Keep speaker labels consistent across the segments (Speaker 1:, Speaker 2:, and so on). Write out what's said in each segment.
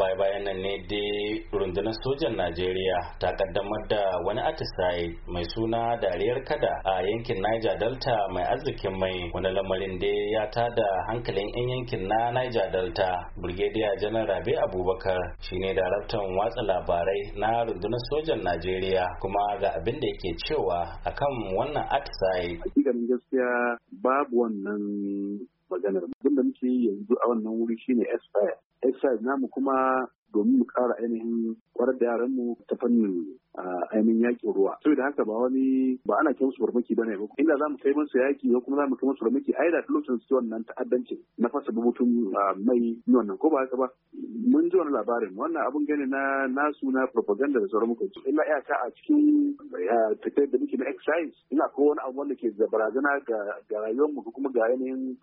Speaker 1: baya-bayan nan ne dai rundunar sojan najeriya ta kaddamar da wani atisaye mai suna dariyar kada a yankin niger delta mai arzikin mai wani lamarin dai ya tada hankalin 'yan yankin na niger delta brigadier janar rabi abubakar shine daraktan watsa labarai na rundunar sojan najeriya kuma ga abin da yake cewa akan wannan atisaye
Speaker 2: gaskiya babu wannan maganar abinda muke yanzu a wannan wuri shine expire exercise namu kuma domin mu kara ainihin kwarar da yaranmu ta fannin ainihin yakin ruwa saboda haka ba wani ba ana kai musu farmaki bane ba inda zamu kai musu yaki ko kuma zamu kai musu farmaki ai da lokacin su wannan ta'addanci na fasa bubutun mai ni wannan ko ba haka ba mun ji wani labarin wannan abun gane na nasu na propaganda da sauran muka ji illa iyaka a cikin tafiyar da muke na exercise ina ko wani abu wanda ke da barazana ga rayuwar mu kuma ga ainihin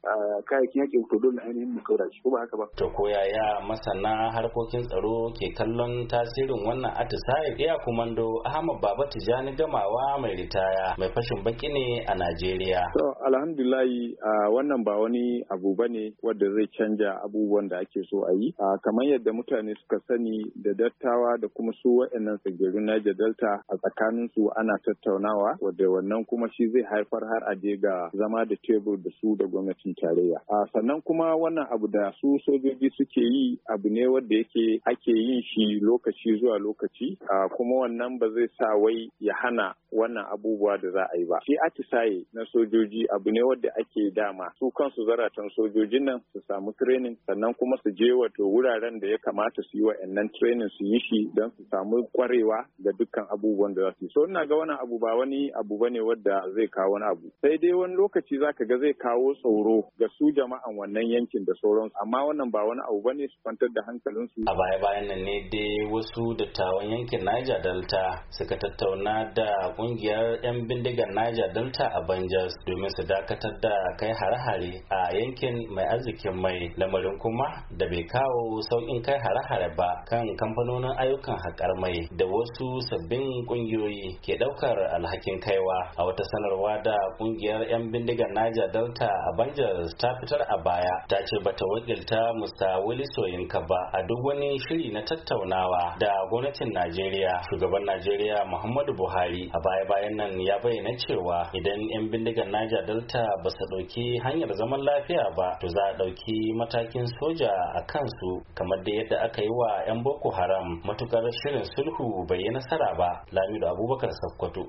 Speaker 2: kayayyakin yakin to dole ainihin mu kaura shi ko ba haka ba to
Speaker 1: ko yaya masana harkokin tsaro ke kallon tasirin wannan atisaye ya kuma Ondo Ahmad Baba Tijani Gamawa mai ritaya mai fashin baki ne a Najeriya.
Speaker 3: To uh, wannan ba wani abu bane wanda zai canja abubuwan da ake so a yi. Kamar yadda mutane suka sani da dattawa da kuma su waɗannan tsagirin Niger Delta a tsakanin su ana tattaunawa wadda wannan kuma shi zai haifar har a je ga zama da tebur da su da gwamnatin tarayya. Sannan kuma wannan abu da su sojoji suke yi abu ne wanda yake ake yin shi lokaci zuwa lokaci kuma wannan nan ba zai sa wai ya hana wannan abubuwa da za a yi ba shi atisaye na sojoji abu ne wadda ake dama su kansu zaratan sojojin nan su samu training sannan kuma su je wato wuraren da ya kamata su yi wa nan training su yi shi don su samu kwarewa da dukkan abubuwan da za su yi so ina ga wannan abu ba wani abu bane wadda zai kawo wani abu sai dai wani lokaci za ka ga zai kawo tsoro ga su jama'an wannan yankin da sauransu amma wannan ba wani abu bane su kwantar da hankalinsu a
Speaker 1: baya bayan nan ne dai wasu dattawan yankin Niger Delta da suka tattauna da kungiyar 'yan bindigar Niger Delta a Banjas domin su dakatar da kai hare-hare a yankin mai arzikin mai lamarin kuma da bai kawo sauƙin kai hare-hare ba kan kamfanonin ayyukan haƙar mai da wasu sabbin kungiyoyi ke ɗaukar alhakin kaiwa a wata sanarwa da kungiyar 'yan bindigar Niger Delta a Banjas ta fitar a baya ta ce bata wakilta Musa Willis Soyinka ba a duk wani shiri na tattaunawa da gwamnatin Najeriya shugaban Najeriya Muhammadu Buhari a baya-bayan nan ya bayyana cewa idan 'yan bindigan Niger Delta ba su ɗauki hanyar zaman lafiya ba to za a ɗauki matakin soja a kansu kamar da yadda aka yi wa 'yan Boko Haram matukar shirin sulhu bai yi nasara ba Lamido Abubakar Sokoto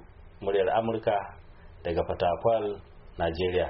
Speaker 1: muryar Amurka daga Fatakwal, Najeriya.